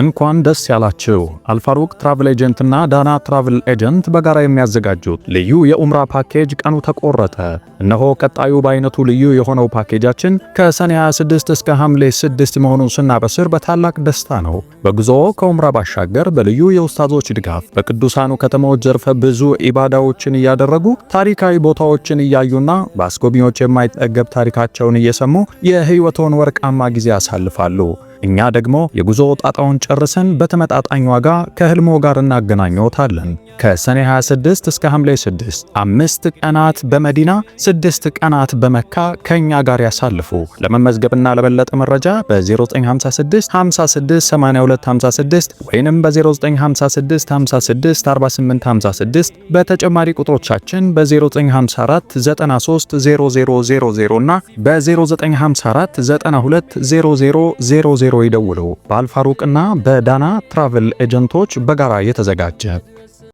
እንኳን ደስ ያላችሁ! አልፋሩቅ ትራቭል ኤጀንትና ዳና ትራቭል ኤጀንት በጋራ የሚያዘጋጁት ልዩ የኡምራ ፓኬጅ ቀኑ ተቆረጠ። እነሆ ቀጣዩ በአይነቱ ልዩ የሆነው ፓኬጃችን ከሰኔ 26 እስከ ሐምሌ 6 መሆኑን ስናበስር በታላቅ ደስታ ነው። በጉዞ ከኡምራ ባሻገር በልዩ የኡስታዞች ድጋፍ በቅዱሳኑ ከተሞች ዘርፈ ብዙ ኢባዳዎችን እያደረጉ ታሪካዊ ቦታዎችን እያዩና በአስጎብኚዎች የማይጠገብ ታሪካቸውን እየሰሙ የህይወቶን ወርቃማ ጊዜ ያሳልፋሉ። እኛ ደግሞ የጉዞ ጣጣውን ጨርሰን በተመጣጣኝ ዋጋ ከህልሞ ጋር እናገናኘዎታለን። ከሰኔ 26 እስከ ሐምሌ 6 አምስት ቀናት በመዲና ስድስት ቀናት በመካ ከእኛ ጋር ያሳልፉ። ለመመዝገብና ለበለጠ መረጃ በ0956 56 82 ወይንም በ0956 56 በተጨማሪ ቁጥሮቻችን በ0954 93 0000 እና በ0954 92 0000 ቢሮ ይደውሉ። በአልፋሩቅና በዳና ትራቭል ኤጀንቶች በጋራ የተዘጋጀ